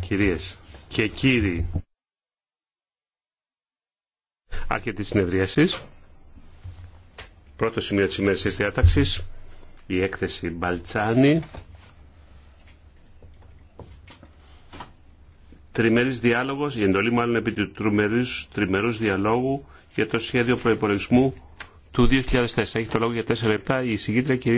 Κυρίες και κύριοι, άρχεται συνεδρίασης. Πρώτο σημείο της ημέρας της διάταξης, η έκθεση Μπαλτσάνη. τριμερής διάλογος, η εντολή μάλλον επί του τριμερούς, διαλόγου για το σχέδιο προϋπολογισμού του 2004. Έχει το λόγο για 4 λεπτά η συγκίτρια κυρία